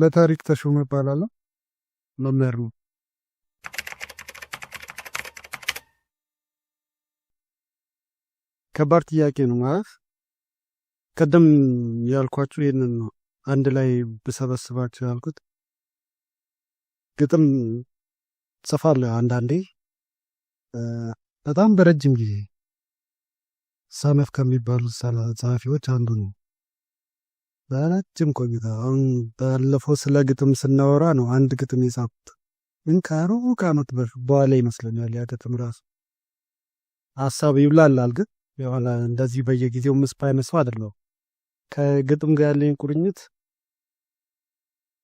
ለታሪክ ተሾመ ይባላለሁ። መምህር ነው። ከባድ ጥያቄ ነው ማለት ቀደም ያልኳችሁ ይህንን ነው። አንድ ላይ ብሰበስባችሁ ያልኩት ግጥም ጽፋለሁ። አንዳንዴ በጣም በረጅም ጊዜ ሳነፍ ከሚባሉት ጸሐፊዎች አንዱ ነው። በረጅም ቆይታ አሁን ባለፈው ስለ ግጥም ስናወራ ነው አንድ ግጥም የጻፉት ግን ከሩቅ ዓመት በፊት በኋላ ይመስለኛል። ያ ግጥም ራሱ ሀሳብ ይብላላል። ግን የሆነ እንደዚህ በየጊዜው ምስፓ አይመስው አይደለው። ከግጥም ጋር ያለኝ ቁርኝት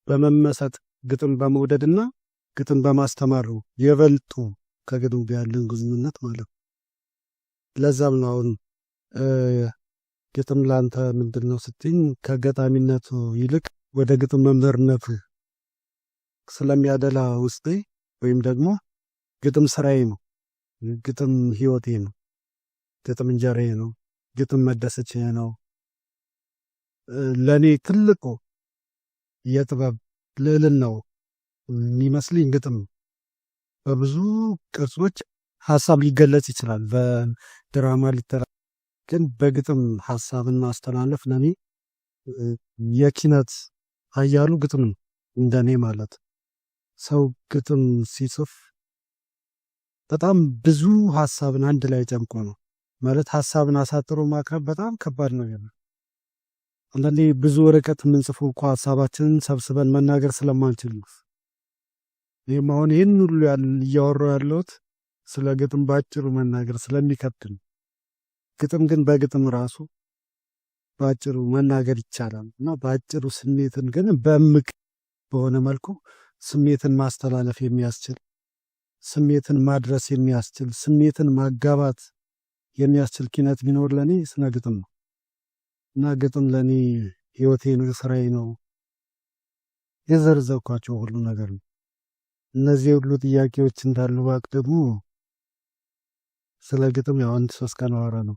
በመመሰጥ ግጥም በመውደድና ግጥም በማስተማሩ የበልጡ ከግጥም ጋር ያለን ግንኙነት ማለት ለዛም ነው አሁን ግጥም ላንተ ምንድን ነው ስትኝ ከገጣሚነቱ ይልቅ ወደ ግጥም መምህርነቱ ስለሚያደላ ውስጤ ወይም ደግሞ ግጥም ስራዬ ነው፣ ግጥም ህይወቴ ነው፣ ግጥም እንጀራዬ ነው፣ ግጥም መደሰቼ ነው። ለእኔ ትልቁ የጥበብ ነው የሚመስልኝ ግጥም በብዙ ቅርጾች ሀሳብ ሊገለጽ ይችላል። በድራማ ሊተራ ግን በግጥም ሀሳብን ማስተላለፍ ለኔ የኪነት አያሉ ግጥም ነው። እንደኔ ማለት ሰው ግጥም ሲጽፍ በጣም ብዙ ሀሳብን አንድ ላይ ጨምቆ ነው ማለት ሀሳብን አሳጥሮ ማቅረብ በጣም ከባድ ነገር ነው። አንዳንዴ ብዙ ወረቀት የምንጽፉ እኮ ሀሳባችንን ሰብስበን መናገር ስለማንችል ነው። ይህም አሁን ይህን ሁሉ እያወራሁ ያለሁት ስለ ግጥም ባጭሩ መናገር ስለሚከብድ ነው። ግጥም ግን በግጥም ራሱ በአጭሩ መናገር ይቻላል እና በአጭሩ ስሜትን ግን በእምቅ በሆነ መልኩ ስሜትን ማስተላለፍ የሚያስችል ስሜትን ማድረስ የሚያስችል ስሜትን ማጋባት የሚያስችል ኪነት ቢኖር ለእኔ ስነ ግጥም ነው እና ግጥም ለእኔ ሕይወቴ ነው፣ ስራዬ ነው፣ የዘርዘርኳቸው ሁሉ ነገር ነው። እነዚህ ሁሉ ጥያቄዎች እንዳሉ ባቅ ደግሞ ስለ ግጥም ያው አንድ ሶስት ቀን አወራ ነው።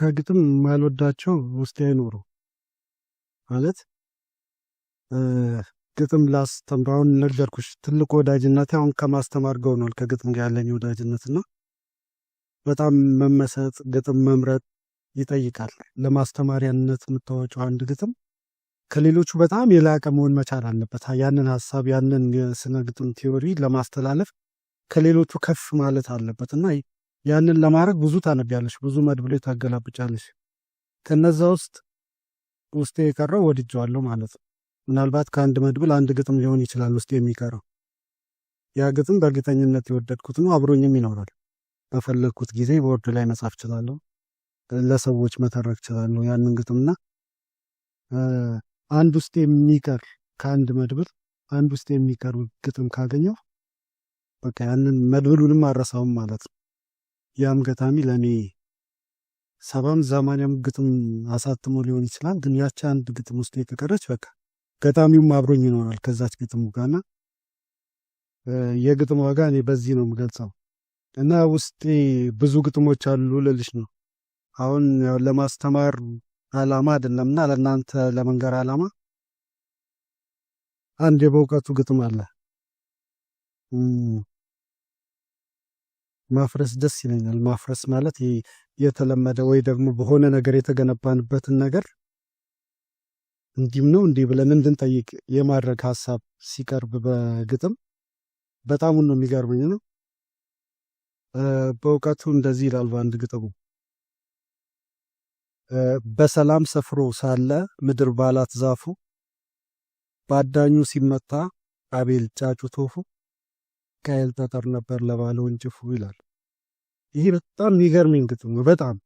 ከግጥም የማልወዳቸው ውስጤ አይኖሩ ማለት ግጥም ላስተምራውን አሁን ነገርኩሽ፣ ትልቁ ወዳጅነት አሁን ከማስተማር ጋር ሆኗል። ከግጥም ጋር ያለኝ ወዳጅነትና በጣም መመሰጥ ግጥም መምረጥ ይጠይቃል። ለማስተማሪያነት የምታወጪው አንድ ግጥም ከሌሎቹ በጣም የላቀ መሆን መቻል አለበት። ያንን ሀሳብ ያንን የስነ ግጥም ቴዎሪ ለማስተላለፍ ከሌሎቹ ከፍ ማለት አለበት እና ያንን ለማድረግ ብዙ ታነቢያለች፣ ብዙ መድብሎ ታገላብጫለች ከነዛ ውስጥ ውስጤ የቀረው ወድጀዋለሁ ማለት ነው። ምናልባት ከአንድ መድብል አንድ ግጥም ሊሆን ይችላል ውስጤ የሚቀረው። ያ ግጥም በእርግጠኝነት የወደድኩት ነው፣ አብሮኝም ይኖራል። በፈለግኩት ጊዜ ቦርድ ላይ መጻፍ እችላለሁ፣ ለሰዎች መተረክ እችላለሁ ያንን ግጥምና አንድ ውስጥ የሚቀር ከአንድ መድብል አንድ ውስጥ የሚቀር ግጥም ካገኘው በቃ ያንን መድብሉንም አረሳውም ማለት ነው። ያም ገጣሚ ለእኔ ሰባም ዘማንያም ግጥም አሳትሞ ሊሆን ይችላል። ግን ያቺ አንድ ግጥም ውስጥ የተቀረች በቃ ገጣሚውም አብሮኝ ይኖራል ከዛች ግጥሙ ጋርና የግጥም ዋጋ እኔ በዚህ ነው የምገልጸው። እና ውስጤ ብዙ ግጥሞች አሉ ልልሽ ነው። አሁን ለማስተማር አላማ አይደለምና ለእናንተ ለመንገር አላማ አንድ የበውቀቱ ግጥም አለ ማፍረስ ደስ ይለኛል። ማፍረስ ማለት የተለመደ ወይ ደግሞ በሆነ ነገር የተገነባንበትን ነገር እንዲህም ነው እንዲህ ብለን እንድንጠይቅ የማድረግ ሀሳብ ሲቀርብ በግጥም በጣም ነው የሚገርመኝ ነው። በእውቀቱ እንደዚህ ይላል በአንድ ግጥሙ በሰላም ሰፍሮ ሳለ ምድር ባላት ዛፉ በአዳኙ ሲመታ አቤል ቶፉ፣ ሚካኤል ጠጠር ነበር ለባለው እንጭፉ ይላል። ይሄ በጣም የሚገርመኝ ግጥም ነው። በጣም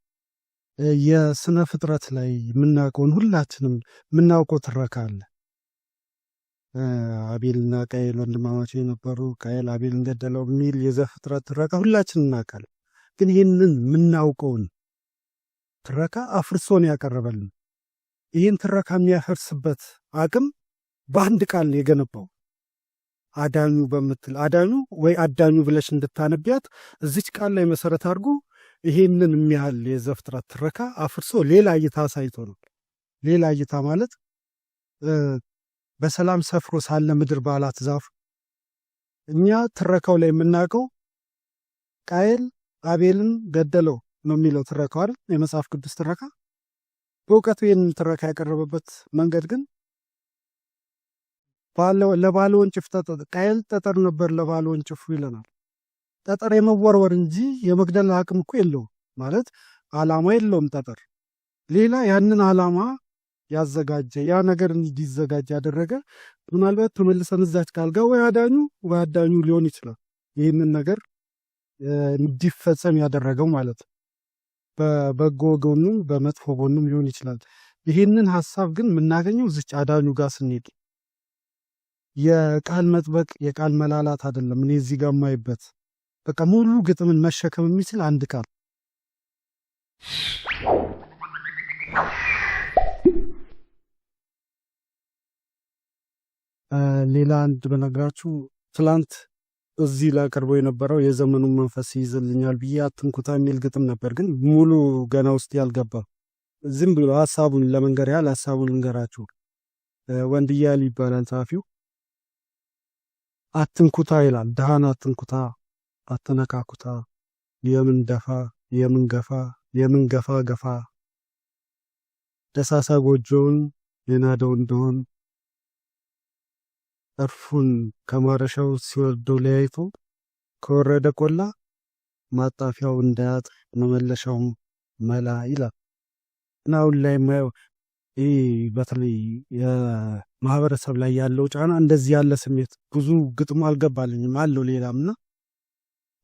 የስነ ፍጥረት ላይ የምናውቀውን ሁላችንም የምናውቀው ትረካ አለ። አቤልና ቃኤል ወንድማማቸው የነበሩ ቃኤል አቤልን ገደለው የሚል የዘፍጥረት ትረካ ሁላችን እናውቃለን። ግን ይህንን የምናውቀውን ትረካ አፍርሶን ያቀረበልን ይህን ትረካ የሚያፈርስበት አቅም በአንድ ቃል የገነባው አዳኙ በምትል አዳኙ ወይ አዳኙ ብለሽ እንድታነቢያት እዚች ቃል ላይ መሰረት አድርጎ ይሄንን የሚያህል የዘፍጥረት ትረካ አፍርሶ ሌላ እይታ አሳይቶ ነው። ሌላ እይታ ማለት በሰላም ሰፍሮ ሳለ ምድር ባላት ዛፍ እኛ ትረካው ላይ የምናውቀው ቃየል አቤልን ገደለው ነው የሚለው ትረካው አይደል? የመጽሐፍ ቅዱስ ትረካ በእውቀቱ ይህንን ትረካ ያቀረበበት መንገድ ግን ለባለወንጭፍ ጭፍ ቃየል ጠጠር ነበር ለባልወን ጭፉ ይለናል። ጠጠር የመወርወር እንጂ የመግደል አቅም እኮ የለው ማለት አላማ የለውም ጠጠር። ሌላ ያንን አላማ ያዘጋጀ ያ ነገር እንዲዘጋጅ ያደረገ ምናልባት ተመልሰን እዛች ካልጋ ወይ አዳኙ ወይ አዳኙ ሊሆን ይችላል ይህንን ነገር እንዲፈጸም ያደረገው ማለት በበጎ ጎኑም በመጥፎ ጎኑም ሊሆን ይችላል። ይህንን ሀሳብ ግን የምናገኘው ዝች አዳኙ ጋር ስንሄድ የቃል መጥበቅ የቃል መላላት አይደለም። እኔ እዚህ ጋር ማይበት በቃ ሙሉ ግጥምን መሸከም የሚችል አንድ ቃል ሌላ አንድ በነገራችሁ ትላንት እዚህ ላቀርቦ የነበረው የዘመኑን መንፈስ ይይዝልኛል ብዬ አትንኩታ የሚል ግጥም ነበር፣ ግን ሙሉ ገና ውስጥ ያልገባ ዝም ብሎ ሀሳቡን ለመንገር ያህል ሀሳቡን ልንገራችሁ። ወንድያል ይባላል ጸሐፊው። አትንኩታ ይላል። ድሃን አትንኩታ፣ አትነካኩታ፣ የምንደፋ የምንገፋ የምንገፋ ገፋ ደሳሳ ጎጆውን የናደው እንደሆን እርፉን ከማረሻው ሲወርደው ለያይቶ ከወረደ ቆላ ማጣፊያው እንዳያጥ መመለሻውም መላ ይላል እና አሁን ላይ የማየው ይህ በተለይ የማህበረሰብ ላይ ያለው ጫና እንደዚህ ያለ ስሜት ብዙ ግጥሙ አልገባልኝም አለው ሌላም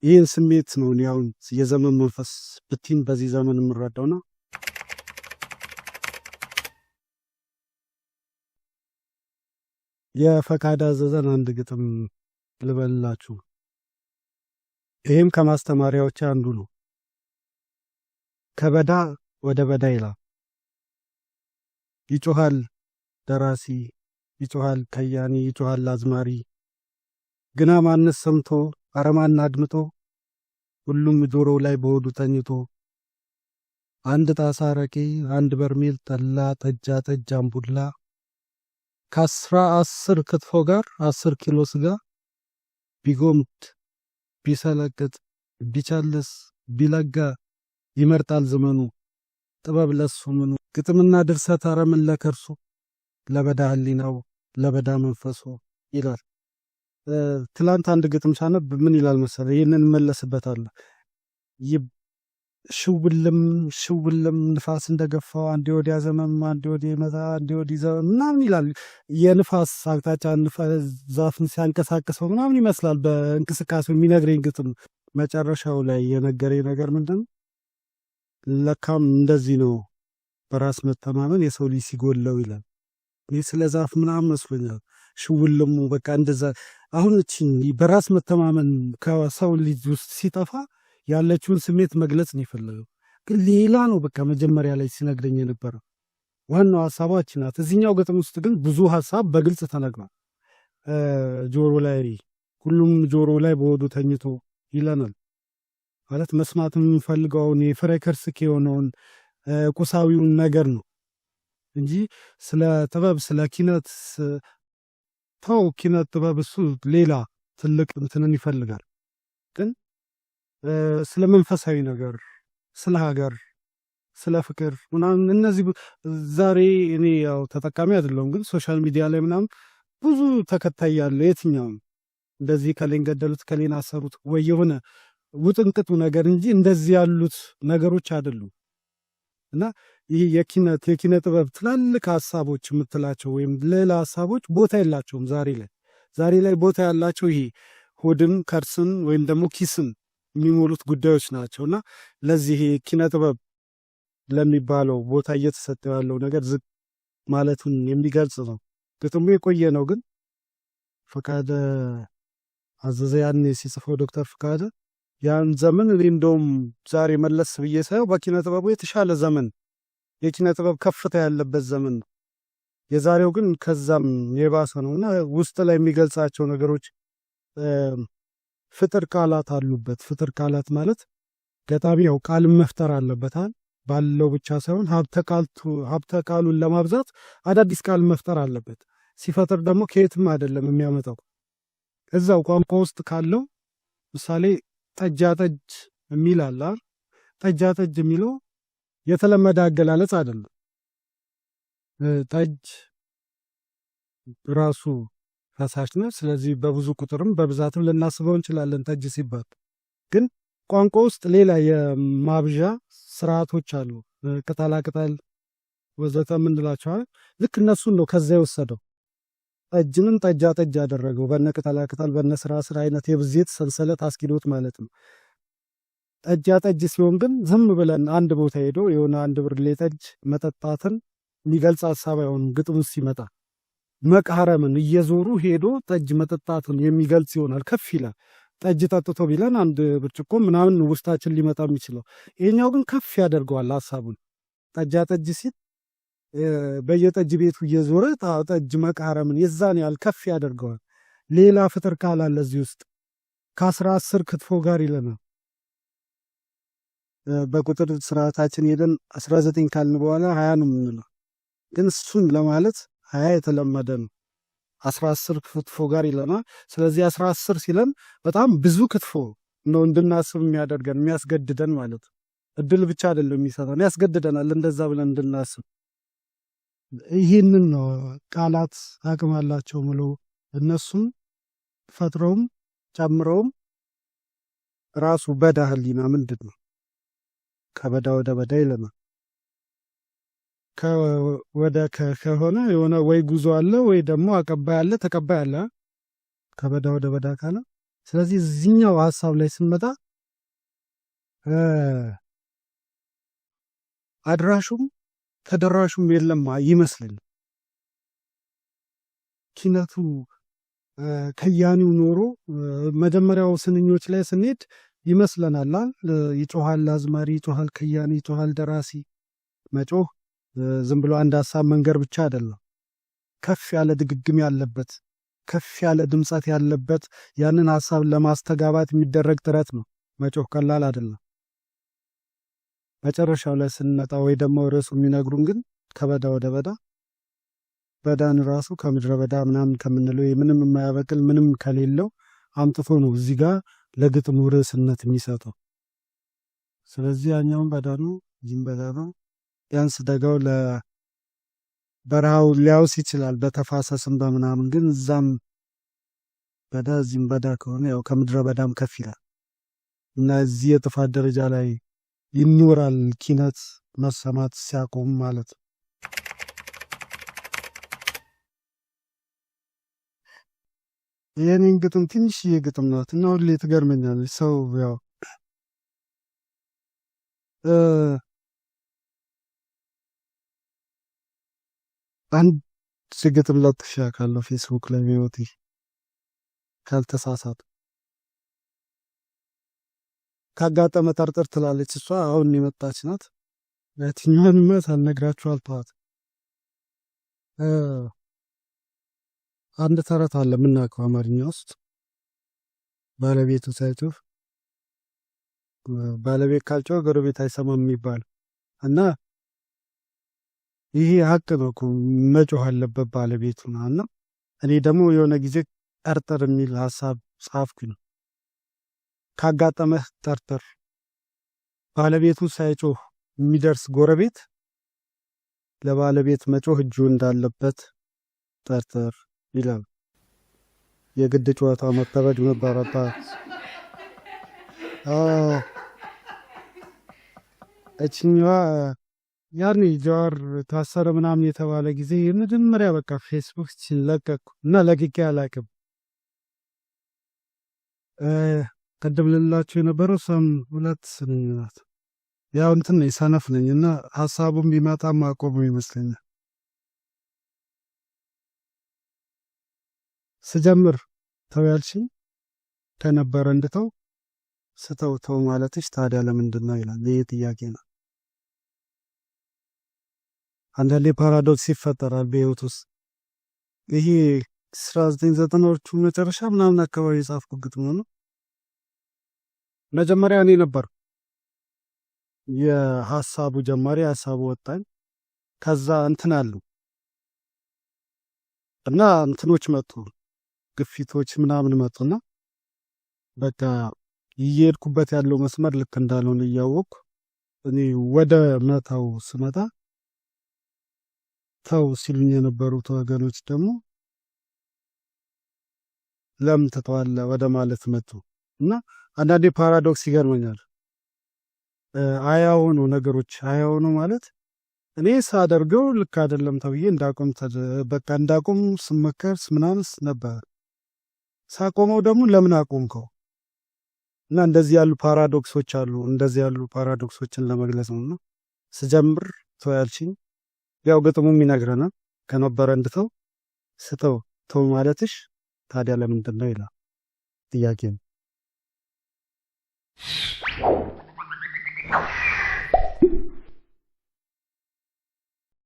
ይህን ስሜት ነው ያሁን የዘመን መንፈስ ብቲን በዚህ ዘመን የምንረዳውና የፈቃድ አዘዘን አንድ ግጥም ልበልላችሁ ይህም ከማስተማሪያዎች አንዱ ነው። ከበዳ ወደ በዳ ይላል ይጮሃል ደራሲ፣ ይጮኻል ከያኒ፣ ይጮኻል አዝማሪ። ግና ማንስ ሰምቶ አረማን አድምጦ ሁሉም ጆሮው ላይ በሆዱ ተኝቶ አንድ ጣሳ አረቄ አንድ በርሜል ጠላ ጠጃ ጠጅ አምቡላ ከአስራ አስር ክትፎ ጋር አስር ኪሎ ስጋ ቢጎምድ ቢሰለቅጥ ቢቻለስ ቢለጋ ይመርጣል ዘመኑ። ጥበብ ለሱ ምኑ ግጥምና ድርሰት አረምን ለከርሱ ለበዳ ህሊናው ለበዳ መንፈሱ ይላል። ትላንት አንድ ግጥም ሳነብ ምን ይላል መሰለ፣ ይህንን እመለስበታለሁ። ሽውልም ሽውልም ንፋስ እንደገፋው አንዴ ወዲያ ዘመም አንዴ ወዲህ መታ አንዴ ወዲህ ዘመም ምናምን ይላል። የንፋስ አቅጣጫ ዛፍን ሲያንቀሳቅሰው ምናምን ይመስላል በእንቅስቃሴው የሚነግረኝ ግጥም። መጨረሻው ላይ የነገረኝ ነገር ምንድን ነው? ለካም እንደዚህ ነው በራስ መተማመን የሰው ልጅ ሲጎለው ይላል። እኔ ስለ ዛፍ ምናምን መስሎኛል። ሽውልሙ በቃ እንደዛ አሁን እቺ በራስ መተማመን ከሰው ልጅ ውስጥ ሲጠፋ ያለችውን ስሜት መግለጽ ነው የፈለገው፣ ግን ሌላ ነው በቃ መጀመሪያ ላይ ሲነግረኝ የነበረው ዋናው ሀሳባችን ናት። እዚህኛው ገጥም ውስጥ ግን ብዙ ሀሳብ በግልጽ ተነግሯል። ጆሮ ላይ ሁሉም ጆሮ ላይ በወዱ ተኝቶ ይለናል። ማለት መስማት የምንፈልገውን የፍሬከርስክ የሆነውን ቁሳዊውን ነገር ነው እንጂ ስለ ጥበብ ስለ ኪነት ተው ኪነት ጥበብ እሱ ሌላ ትልቅ እንትንን ይፈልጋል። ግን ስለ መንፈሳዊ ነገር፣ ስለ ሀገር፣ ስለ ፍቅር ምናምን እነዚህ ዛሬ እኔ ያው ተጠቃሚ አይደለሁም፣ ግን ሶሻል ሚዲያ ላይ ምናምን ብዙ ተከታይ ያለው የትኛውም እንደዚህ ከሌን ገደሉት ከሌን አሰሩት ወይ የሆነ ውጥንቅጡ ነገር እንጂ እንደዚህ ያሉት ነገሮች አይደሉም። እና ይህ የኪነት የኪነ ጥበብ ትላልቅ ሀሳቦች የምትላቸው ወይም ሌላ ሀሳቦች ቦታ የላቸውም ዛሬ ላይ ዛሬ ላይ ቦታ ያላቸው ይሄ ሆድን ከርስን ወይም ደግሞ ኪስን የሚሞሉት ጉዳዮች ናቸው እና ለዚህ ኪነ ጥበብ ለሚባለው ቦታ እየተሰጠው ያለው ነገር ዝቅ ማለቱን የሚገልጽ ነው። ግጥሙ የቆየ ነው ግን ፈቃደ አዘዘ ያኔ ሲጽፈው ዶክተር ፈቃደ ያን ዘመን እኔ እንደውም ዛሬ መለስ ብዬ ሳየው በኪነ ጥበቡ የተሻለ ዘመን የኪነ ጥበብ ከፍታ ያለበት ዘመን ነው። የዛሬው ግን ከዛም የባሰ ነው እና ውስጥ ላይ የሚገልጻቸው ነገሮች ፍጥር ቃላት አሉበት። ፍጥር ቃላት ማለት ገጣሚ ያው ቃልን መፍጠር አለበታል ባለው ብቻ ሳይሆን ሀብተ ቃሉን ለማብዛት አዳዲስ ቃል መፍጠር አለበት። ሲፈጥር ደግሞ ከየትም አይደለም የሚያመጣው እዛው ቋንቋ ውስጥ ካለው ምሳሌ ጠጃጠጅ የሚል አለ። ጠጃጠጅ የሚለው የተለመደ አገላለጽ አይደለም። ጠጅ ራሱ ፈሳሽ ነው። ስለዚህ በብዙ ቁጥርም በብዛትም ልናስበው እንችላለን። ጠጅ ሲባል ግን ቋንቋ ውስጥ ሌላ የማብዣ ስርዓቶች አሉ። ቅጠላ ወዘተ የምንላቸዋል። ልክ እነሱን ነው ከዛ የወሰደው ጠጅንም ጠጃ ጠጅ አደረገው። በነ ቅጠላ ቅጠል በነ ስራ ስራ አይነት የብዜት ሰንሰለት አስኪዶት ማለት ነው። ጠጃ ጠጅ ሲሆን ግን ዝም ብለን አንድ ቦታ ሄዶ የሆነ አንድ ብርሌ ጠጅ መጠጣትን የሚገልጽ ሀሳብ አይሆንም። ግጥም ሲመጣ መቃረምን እየዞሩ ሄዶ ጠጅ መጠጣትን የሚገልጽ ይሆናል። ከፍ ይላል። ጠጅ ጠጥቶ ቢለን አንድ ብርጭቆ ምናምን ውስጣችን ሊመጣ የሚችለው ይሄኛው ግን ከፍ ያደርገዋል ሀሳቡን ጠጃ ጠጅ ሲል በየጠጅ ቤቱ እየዞረ ጠጅ መቃረምን የዛን ያህል ከፍ ያደርገዋል። ሌላ ፍጥር አለ እዚህ ውስጥ ከአስራ አስር ክትፎ ጋር ይለናል። በቁጥር ስርዓታችን ሄደን አስራ ዘጠኝ ካልን በኋላ ሀያ ነው የምንለው፣ ግን እሱን ለማለት ሀያ የተለመደ ነው። አስራ አስር ክትፎ ጋር ይለናል። ስለዚህ አስራ አስር ሲለን በጣም ብዙ ክትፎ ነው እንድናስብ የሚያደርገን የሚያስገድደን ማለት ነው። እድል ብቻ አይደለም የሚሰጠን ያስገድደናል፣ እንደዛ ብለን እንድናስብ ይህንን ነው ቃላት አቅም አላቸው ምሎ እነሱም ፈጥረውም ጨምረውም ራሱ በዳ ህሊና ምንድን ነው? ከበዳ ወደ በዳ ይለናል። ከወደ ከሆነ የሆነ ወይ ጉዞ አለ ወይ ደግሞ አቀባይ አለ ተቀባይ አለ። ከበዳ ወደ በዳ ካለ ስለዚህ እዚኛው ሀሳብ ላይ ስንመጣ አድራሹም ተደራሹም የለም ይመስልኝ ኪነቱ ከያኒው ኖሮ መጀመሪያው ስንኞች ላይ ስንሄድ ይመስለናል። ይጮሃል አዝማሪ፣ ይጮሃል ከያኒ፣ ይጮሃል ደራሲ። መጮህ ዝም ብሎ አንድ ሀሳብ መንገር ብቻ አይደለም። ከፍ ያለ ድግግም ያለበት፣ ከፍ ያለ ድምፀት ያለበት ያንን ሀሳብ ለማስተጋባት የሚደረግ ጥረት ነው። መጮህ ቀላል አይደለም። መጨረሻው ላይ ስንመጣ ወይ ደግሞ ርዕሱ የሚነግሩን ግን ከበዳ ወደ በዳ በዳን ራሱ ከምድረ በዳ ምናምን ከምንለው ምንም የማያበቅል ምንም ከሌለው አምጥቶ ነው እዚህ ጋር ለግጥሙ ርዕስነት የሚሰጠው። ስለዚህ ያኛውን በዳ ነው፣ ይህም በዳ ነው። ቢያንስ ደጋው ለበረሃው ሊያውስ ይችላል፣ በተፋሰስም በምናምን ግን እዛም በዳ እዚህም በዳ ከሆነ ያው ከምድረ በዳም ከፍ ይላል እና እዚህ የጥፋት ደረጃ ላይ ይኖራል ኪነት መሰማት ሲያቆም ማለት ነው። የኔን ግጥም ትንሽዬ ግጥም ናት እና ሁሌ ትገርመኛለች። ሰው ያው አንድ ግጥም ለጥፌ ካለው ፌስቡክ ላይ ህይወቴ ካልተሳሳት ካጋጠመ ጠርጥር ትላለች። እሷ አሁን የመጣች ናት። የትኛዋን መት አልነግራችሁ አልተዋት። አንድ ተረት አለ የምናውቀው አማርኛ ውስጥ ባለቤቱ ሳይጮህ ባለቤት ካልጮህ ጎረቤት አይሰማም የሚባል እና ይሄ ሀቅ ነው። መጮህ አለበት ባለቤቱ ና እና እኔ ደግሞ የሆነ ጊዜ ጠርጥር የሚል ሀሳብ ጻፍኩኝ። ካጋጠመህ ጠርጥር። ባለቤቱ ሳይጮህ የሚደርስ ጎረቤት ለባለቤት መጮህ እጁ እንዳለበት ጠርጥር ይላል። የግድ ጨዋታ መጠበድ መባረጣ እችኛዋ ያኔ ጀዋር ታሰረ ምናምን የተባለ ጊዜ የመጀመሪያ በቃ ፌስቡክ ሲለቀቅኩ እና ለቅቄ አላቅም ቀደም ልላቸው የነበረው ሰም ሁለት ስንኝ ያው እንትን ነኝ ሰነፍ ነኝ እና ሀሳቡን ቢመጣ ማቆሙ ይመስለኛል። ስጀምር ተው ያልሽኝ ከነበረ እንድተው ስተው ተው ማለትሽ ታዲያ ለምንድን ነው ይላል። ይህ ጥያቄ ነው። አንዳንዴ ፓራዶክስ ይፈጠራል በህይወት ውስጥ ይሄ አስራ ዘጠኝ ዘጠናዎቹ መጨረሻ ምናምን አካባቢ የጻፍኩ ግጥም ነው። መጀመሪያ እኔ ነበር የሀሳቡ ጀማሪ፣ ሀሳቡ ወጣኝ። ከዛ እንትን አሉ እና እንትኖች መጡ፣ ግፊቶች ምናምን መጡና በቃ እየሄድኩበት ያለው መስመር ልክ እንዳልሆነ እያወቅኩ እኔ ወደ መታው ስመጣ ተው ሲሉኝ የነበሩት ወገኖች ደግሞ ለምን ትተዋለህ ወደ ማለት መጡ እና አንዳንዴ ፓራዶክስ ይገርመኛል። አያሆኑ ነገሮች አያሆኑ ማለት እኔ ሳደርገው ልክ አይደለም ተብዬ እንዳቆም በቃ እንዳቆም ስመከር ምናምንስ ነበር። ሳቆመው ደግሞ ለምን አቆምከው እና እንደዚህ ያሉ ፓራዶክሶች አሉ። እንደዚህ ያሉ ፓራዶክሶችን ለመግለጽ ነው። እና ስጀምር ተው ያልሽኝ፣ ያው ግጥሙም ይነግረናል ከነበረ እንድተው ስተው ተው ማለትሽ ታዲያ ለምንድን ነው ይላል ጥያቄ ነው። Thank you.